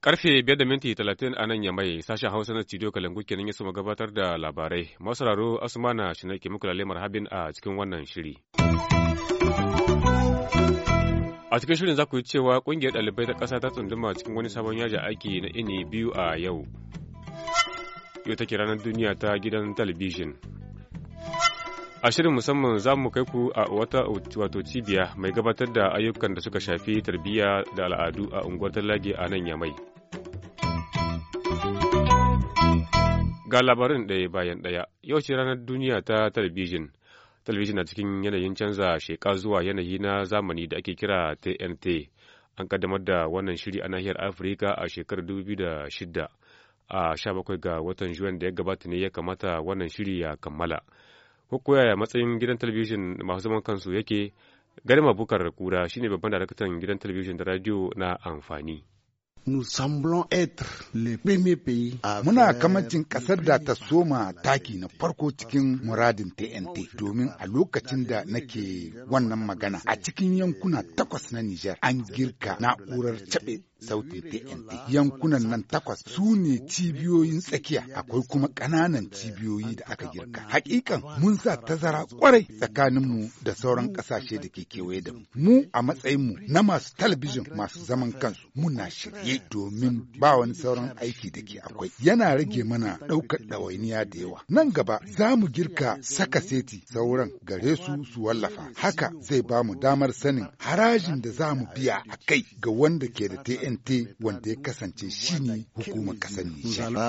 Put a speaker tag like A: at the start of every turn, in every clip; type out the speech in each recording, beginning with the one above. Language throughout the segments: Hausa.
A: Karfe biyar da minti talatin a nan yamai sashen Hausa na studio Kalangu kenan ya suma gabatar da labarai. Masararo Asmana shi ke muku lalemar habin a cikin wannan shiri. a cikin shirin za ku yi cewa ƙungiyar ɗalibai ta ƙasa ta tsunduma cikin wani sabon yaji aiki na ini biyu a yau yau take ranar duniya ta gidan talabijin. A shirin musamman za mu kai ku a wata wato cibiya mai gabatar da ayyukan da suka shafi tarbiyya da al'adu a unguwar talage a nan Yamai. Ga labarin ɗaya bayan ɗaya, yau ce ranar duniya ta talabijin. Talabijin na cikin yanayin canza sheka zuwa yanayi na zamani da ake kira TNT. An kaddamar da wannan shiri a nahiyar Afirka a shekarar 2006. a sha bakwai ga watan juwan da ya gabata ne ya kamata wannan shiri ya kammala ko ya matsayin gidan talabijin masu zaman kansu yake garma bukar kura shine babban daraktan gidan talabijin da radio na amfani
B: nous semblons être le premier pays muna kamacin kasar da ta soma taki na farko cikin muradin TNT domin a lokacin da nake wannan magana a cikin yankuna takwas na Niger an girka na'urar caɓe sauti TNT. Yankunan nan takwas su ne cibiyoyin tsakiya akwai kuma ƙananan cibiyoyi da aka girka. Hakikan mun sa tazara kwarai tsakaninmu da sauran ƙasashe da ke kewaye da mu. Mu a matsayinmu na masu talabijin masu zaman kansu muna shirye domin ba wani sauran aiki da ke akwai. Yana rage mana ɗaukar ɗawainiya da yawa. Nan gaba za mu girka saka seti sauran gare su su wallafa. Haka zai ba mu damar sanin harajin da za mu biya a kai ga wanda ke da TNT wanda ya kasance shi ne hukumar kasar Nijar.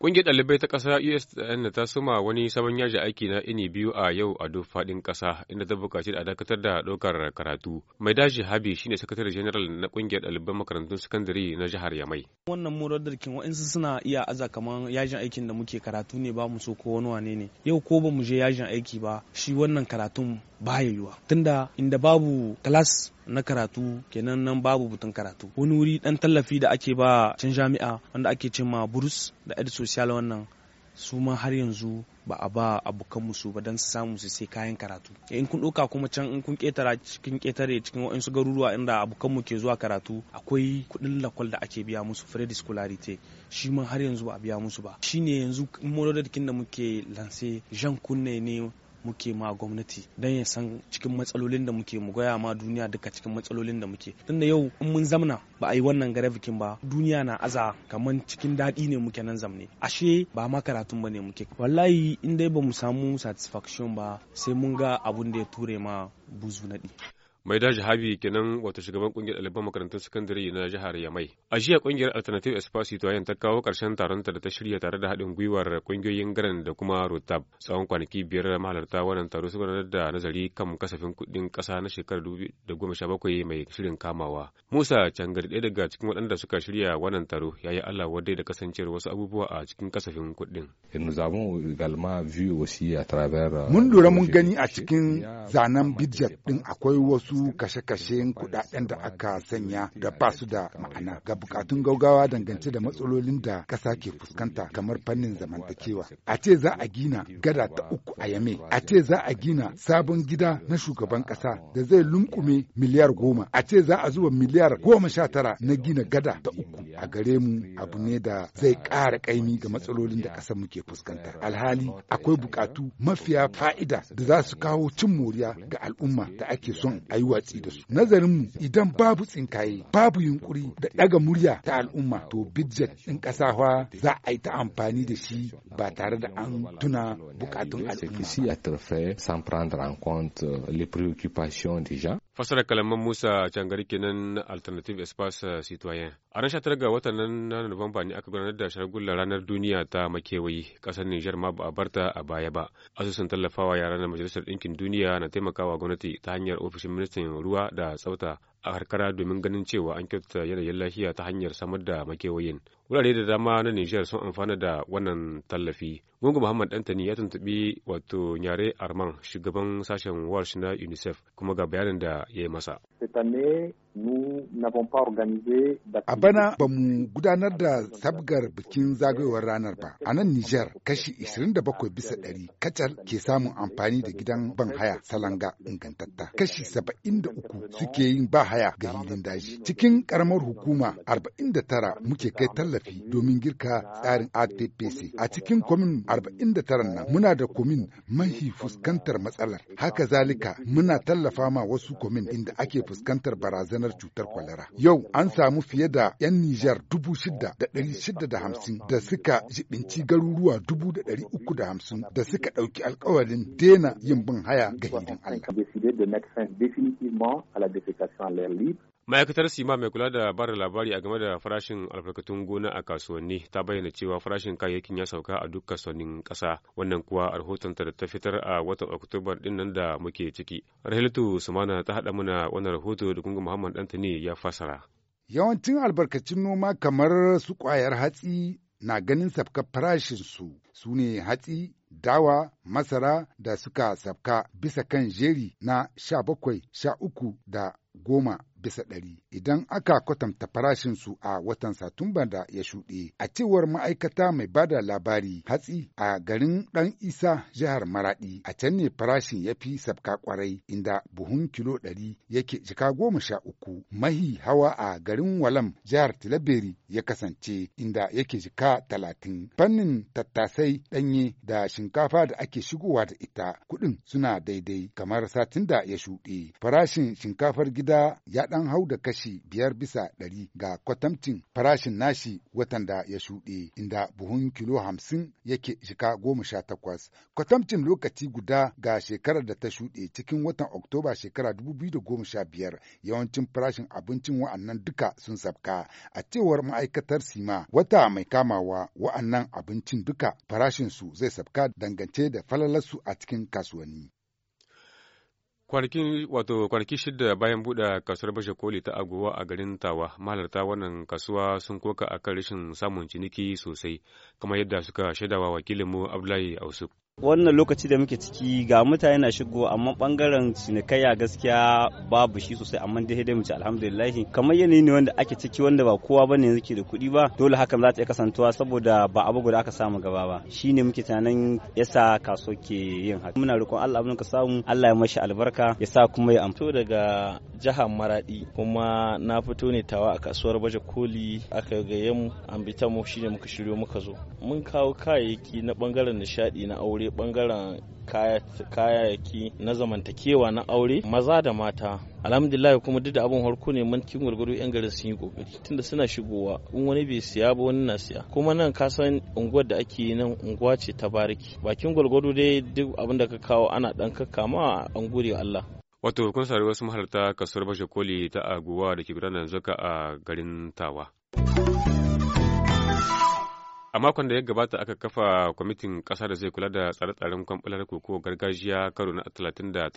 A: Ƙungiyar ɗalibai ta ƙasa USN ta suma wani sabon yaji aiki na ini biyu a yau a duk faɗin ƙasa inda ta buƙaci da dakatar da ɗaukar karatu. Mai daji Habi shine sakatare general na ƙungiyar ɗaliban makarantun sakandare na jihar Yamai.
C: Wannan murar darkin wa'insu suna iya aza kamar yajin aikin da muke karatu ne ba mu so ko wani wane ne. Yau ko ba mu je yajin aiki ba shi wannan karatun baya yiwa. Tunda inda babu class na karatu kenan nan babu butun karatu wani wuri dan tallafi da ake ba can jami'a wanda ake cin ma burus da ed social wannan su ma har yanzu ba a ba abokan musu ba dan su samu su sai kayan karatu eh, in kun ɗauka kuma can in kun ƙetare cikin ƙetare cikin waɗansu garuruwa inda abokan mu ke zuwa karatu akwai kuɗin lakwal da ake biya musu fredi scolarite shi ma har yanzu ba a biya musu ba shine yanzu modadakin da muke lanse jan kunne ne muke ma gwamnati don ya san cikin matsalolin da muke mu gaya ma duniya duka cikin matsalolin da muke tunda yau in mun zamna ba a yi wannan bikin ba duniya na aza kamar cikin daɗi ne muke nan zamne ashe ba ma karatun ba ne muke wallahi in dai ba mu samu satisfaction ba sai mun ga abun da ya ture ma buzu naɗi
A: mai da jihabi kenan wata shugaban kungiyar ɗaliban makarantun sakandare na jihar yamai a jiya kungiyar alternative espacito yayin ta kawo karshen taron ta da ta shirya tare da haɗin gwiwar kungiyoyin garan da kuma rotab tsawon kwanaki biyar mahalarta wannan taro su gudanar da nazari kan kasafin kuɗin ƙasa na shekarar bakwai mai shirin kamawa musa cangari ɗaya daga cikin waɗanda suka shirya wannan taro ya yi allah wadai da kasancewar wasu abubuwa a cikin kasafin kuɗin. mun lura mun euh, gani
B: a cikin zanen bidjet ɗin akwai wasu wasu kashe-kashen kudaden da aka sanya da ba su da ma'ana ga bukatun gaugawa dangance da matsalolin da kasa ke fuskanta kamar fannin zamantakewa a ce za a gina gada ta uku a yame a ce za a gina sabon gida na shugaban kasa da zai lunkume miliyar goma a ce za a zuba miliyar goma sha tara na gina gada ta uku a gare mu abu ne da zai ƙara ƙaimi ga matsalolin da ƙasar muke fuskanta alhali akwai bukatu mafiya fa'ida da za su kawo cin moriya ga al'umma da ake son a watsi da su nazarinmu idan babu tsinkaye babu yunkuri da ɗaga murya ta al'umma to bidjet ɗin ƙasa za a yi ta amfani da shi ba tare da an tuna bukatun al'umma.
A: Fasara kalaman Musa can Cangari kenan Alternative Espace Citoyen. A ran 19 ga watan nan na Nuwamba ne aka gudanar da shagulla ranar duniya ta makewayi. Kasar Nijar ma ba a barta a baya ba. Asusun tallafawa yara na Majalisar Ɗinkin Duniya na taimakawa gwamnati ta hanyar ofishin ministan ruwa da tsafta a karkara domin ganin cewa an kyautata yanayin lafiya ta hanyar samar da makewayin. wurare da dama na Nijar sun amfana da wannan tallafi. Gungun Muhammad Dantani ya tuntuɓi wato Nyare Arman shugaban sashen Walsh na UNICEF kuma ga bayanin da ya yi masa.
B: A bana ba mu gudanar da sabgar bikin zagayowar ranar ba. A nan Nijar kashi 27 bisa ɗari kacal ke samun amfani da gidan ban haya salanga ingantatta. Kashi 73 suke yin ba haya ga hilin daji. Cikin karamar hukuma 49 muke kai tallafi tallafi domin girka tsarin ACTPC. A cikin komin 49 nan muna da kwamin mahi fuskantar matsalar. Haka zalika muna tallafa ma wasu komin inda ake fuskantar barazanar cutar kwalara. Yau an samu fiye da 'yan Nijar dubu da suka jibinci garuruwa dubu da suka ɗauki alkawarin dena yin bin haya ga hidin Allah.
A: Ma'aikatar Sima mai kula da da labari a game da farashin albarkatun gona a kasuwanni ta bayyana cewa farashin kayayyakin ya sauka a duk kasuwannin ƙasa, wannan kuwa a rahotonta da ta fitar a watan Oktobar din nan da muke ciki. Rahilatu Sumana ta haɗa mana wannan rahoto da gungun Muhammad Dantani ya fasara.
B: Yawancin albarkacin noma kamar su kwayar hatsi na ganin farashin su su ne hatsi, dawa, masara da suka sabka bisa kan jeri na sha bakwai, sha uku da goma bisa ɗari idan aka kwatanta farashinsu a watan Satumba da ya shuɗe. A cewar ma'aikata mai bada labari hatsi a garin Ɗan Isa jihar Maraɗi a can ne farashin ya fi sabka kwarai inda buhun kilo ɗari yake jika goma sha uku. Mahi hawa a garin Walam jihar Tilaberi ya kasance inda yake jika talatin. Fannin tattasai ɗanye da shinkafa da ake shigowa da ita kuɗin suna daidai kamar satin da ya shuɗe. Farashin shinkafar gida ya an hau da kashi biyar bisa ɗari ga kwatamcin farashin nashi watan da ya shuɗe inda buhun kilo hamsin yake shika goma sha takwas. Kwatamcin lokaci guda ga shekarar da ta shuɗe cikin watan Oktoba shekara dubu biyu da goma sha biyar yawancin farashin abincin wa'annan duka sun sabka a cewar ma'aikatar Sima wata mai kamawa wa'annan abincin duka farashinsu zai sabka dangance da falalarsu a cikin kasuwanni.
A: Kwanaki wato kwanaki shida bayan buɗe kasuwar bashe koli ta agowa a garin Tawa, mahalarta wannan kasuwa sun koka akan rashin samun ciniki sosai, kamar yadda suka shaidawa wakilinmu Abdullahi Ausuf.
C: wannan lokaci da muke ciki ga mutane na shigo amma bangaren cinikayya gaskiya babu shi sosai amma dai dai mace alhamdulillah kamar yanayi ne wanda ake ciki wanda ba kowa bane yanzu ke da kuɗi ba dole haka za ta iya kasantuwa saboda ba abu guda aka samu gaba ba shine muke tunanin yasa kaso ke yin haka muna roƙon Allah abin ka samu Allah ya mashi albarka ya sa kuma ya amfito daga jihar Maradi kuma na fito ne tawa a kasuwar baje koli aka gaye mu an bi ta mu shine muka shiryo muka zo mun kawo kayayyaki na bangaren nishadi na aure dai bangaren kayayyaki na zamantakewa na aure maza da mata alhamdulillah kuma duk da abin harko ne man kin gurguru yan garin sun yi kokari tunda suna shigowa in wani bai siya ba wani na siya kuma nan ka san unguwar da ake yi nan unguwa ce ta bariki bakin gurguru dai duk abin da ka kawo ana dan ma an gode Allah
A: wato kun sari wasu mahalarta kasuwar bashe koli ta aguwa da ke gudanar zaka a garin tawa A makon da ya gabata aka kafa kwamitin ƙasa da zai kula da tsare-tsaren kwamfular koko gargajiya karo na 38 da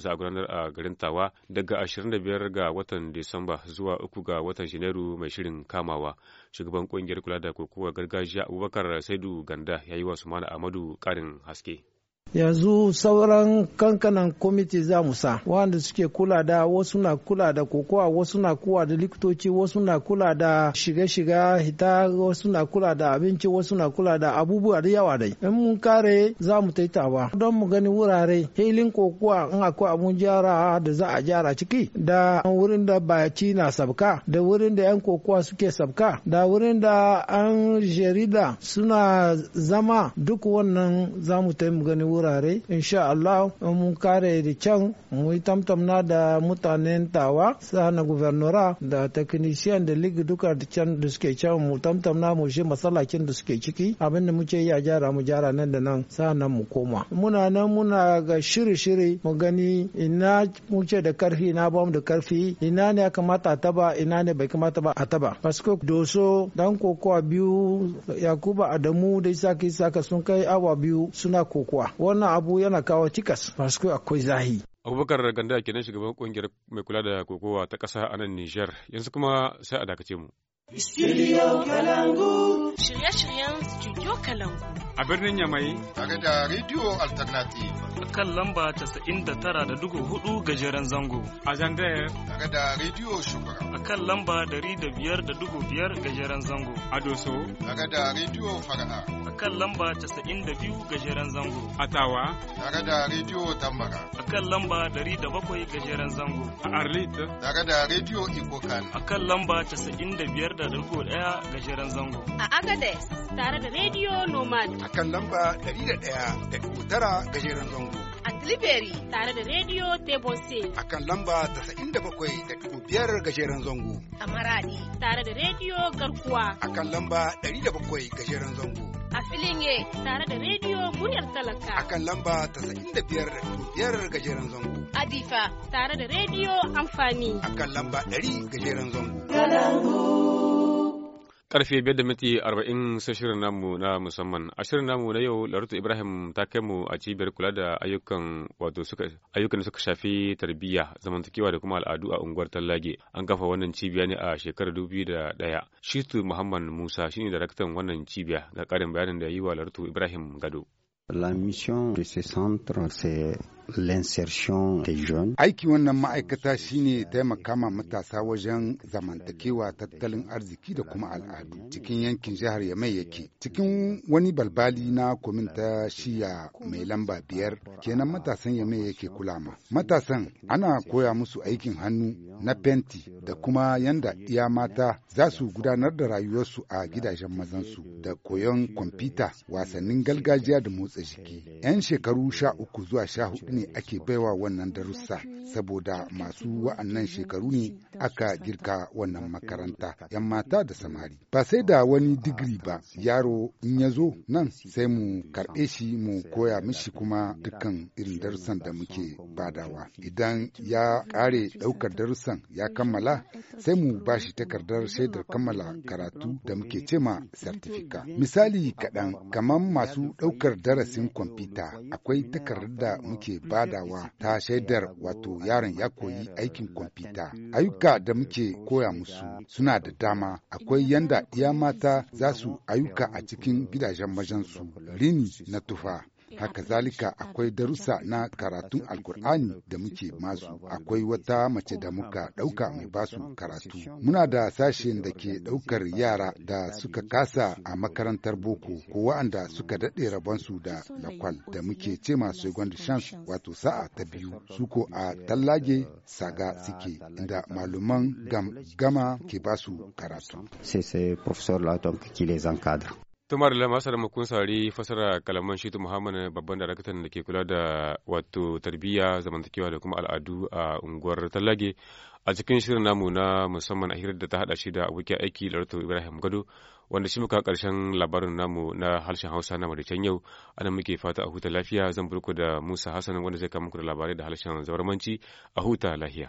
A: za a gudanar a garin Tawa daga 25 ga watan Disamba zuwa 3 ga watan Janairu mai shirin kamawa. Shugaban ƙungiyar kula da koko gargajiya Abubakar Saidu Ganda ya yi wa Sumana Amadu ƙarin haske.
D: yanzu sauran kankanan kwamiti za mu sa wanda suke kula da wasu na kula da kokowa wasu na kula da likitoci wasu na kula da shiga-shiga hita wasu na kula da abinci wasu na kula da abubuwa da yawa dai in mun kare za mu ba don mu gani wurare hailin kokowa in akwai abun jara da za a jara ciki da wurin da baci na sabka da wurin da yan kokowa suke sabka da wurin da an jarida suna zama duk wannan za mu gani wurare insha Allah mun kare da can mu yi tamtamna da mutanen tawa sana gubernora da technician da ligi duka da can da suke can mu tamtamna mu shi masalakin da suke ciki abinda muke yi a gyara mu gyara nan da nan sanan mu koma muna nan muna ga shiri-shiri mu gani ina muke da karfi n'a bamu da karfi ina ne ya kamata a taba ina ne bai kamata ba a taba fasko doso dan kokowa biyu yakuba adamu da isaka isaka sun kai awa biyu suna kokowa wannan abu yana kawo cikas fasko akwai zahi
A: abubakar ganda kenan shugaban kungiyar mai kula da kokowa ta ƙasa a nan nijar yanzu kuma sai a dakace mu
C: Kalangu. Shirye-shiryen
B: Studio Kalangu.
A: A birnin Yamai. Tare da Radio Alternative. A kan
C: lamba 99.4 gajeren zango. A Zandaya. Tare da Radio Shugaba. A kan lamba 105.5 gajeren zango.
A: A Doso. Tare da
C: Radio Fara'a. A kan lamba 92 gajeren zango. A
B: Tawa. Tare da Radio Tambara.
C: A kan lamba 107 gajeren zango. A Arlit. Tare da Radio Ikokan. A kan lamba biyar. da dubu ɗaya shirin zango. A Agades
D: tare da Radio Nomad. A
B: kan lamba ɗari da ɗaya da dubu tara shirin zango.
D: A Tilibiri tare da Radio Tebose.
B: A kan lamba tasa'in da bakwai da dubu biyar shirin zango. A Maradi tare da Radio Garkuwa. A kan lamba ɗari da bakwai shirin zango. a filin ye tare da rediyo muryar talaka. A kan lamba ta da biyar biyar gajeren zango.
D: Adifa tare da rediyo amfani.
B: A kan lamba ɗari
D: gajeren zango.
A: Karfe biyar da minti arba'in sai shirin namu na musamman. A shirin namu na yau Larutu Ibrahim ta kai mu a cibiyar kula da ayyukan wato suka ayyukan suka shafi tarbiyya, zamantakewa da kuma al'adu a unguwar Tallage. An kafa wannan cibiya ne a shekarar dubu da ɗaya. Shitu Muhammad Musa shine daraktan wannan cibiya
B: ga karin bayanin da yi wa Larutu Ibrahim Gado.
A: La mission de ce centre, c'est l'insertion des jeunes. Aiki
B: wannan ma'aikata shine taimaka ma matasa wajen zamantakewa tattalin arziki da kuma al'adu cikin yankin jihar Yamai yake. Cikin wani balbali na komin ta shiya mai lamba biyar kenan matasan Yamai yake kulama. Matasan ana koya musu aikin hannu na fenti da kuma yanda iya mata za su gudanar da rayuwarsu a gidajen mazansu da koyon kwamfuta wasannin gargajiya da motsa jiki. 'Yan shekaru sha uku zuwa sha hudu ne ake baiwa wannan darussa saboda masu wa'annan shekaru ne aka girka wannan makaranta 'yan mata da samari ba sai da wani digiri ba yaro in ya zo nan sai mu karɓe shi mu koya mishi kuma dukkan irin darussan da muke badawa idan ya ƙare ɗaukar darussan ya kammala sai mu ba shi takardar shaidar kammala karatu da muke cema sartifika misali kaɗan kamar masu ɗaukar darasin kwamfuta akwai takardar da muke badawa ta shaidar wato yaron ya koyi aikin kwamfuta. Ayyuka da muke koya musu suna da dama akwai yanda iya mata za su ayyuka a cikin gidajen majansu rini na tufa haka zalika akwai darussa na karatun alkur'ani da muke masu akwai wata mace da muka ɗauka mai basu karatu muna da sashen da ke ɗaukar yara da suka kasa a makarantar boko ko wa'anda suka daɗe rabonsu da lakwal da muke ce masu gwanda shans wato sa'a ta biyu suko a tallage saga suke inda malaman gama ke basu karatu. Sai sai professor Latom les encadre.
A: tumar da asalin kun saurari fasara kalaman shitu muhammad babban daraktan da ke kula da wato tarbiyya zamantakewa da kuma al'adu a unguwar tallage a cikin shirin namu na musamman a hirar da ta hada shi da abokin aiki larto ibrahim gado wanda shi muka karshen labarin namu na harshen hausa na maraicen yau ana muke fata a huta lafiya zan burku da musa hassan wanda zai kama muku da labarai da harshen zaurmanci a huta lafiya.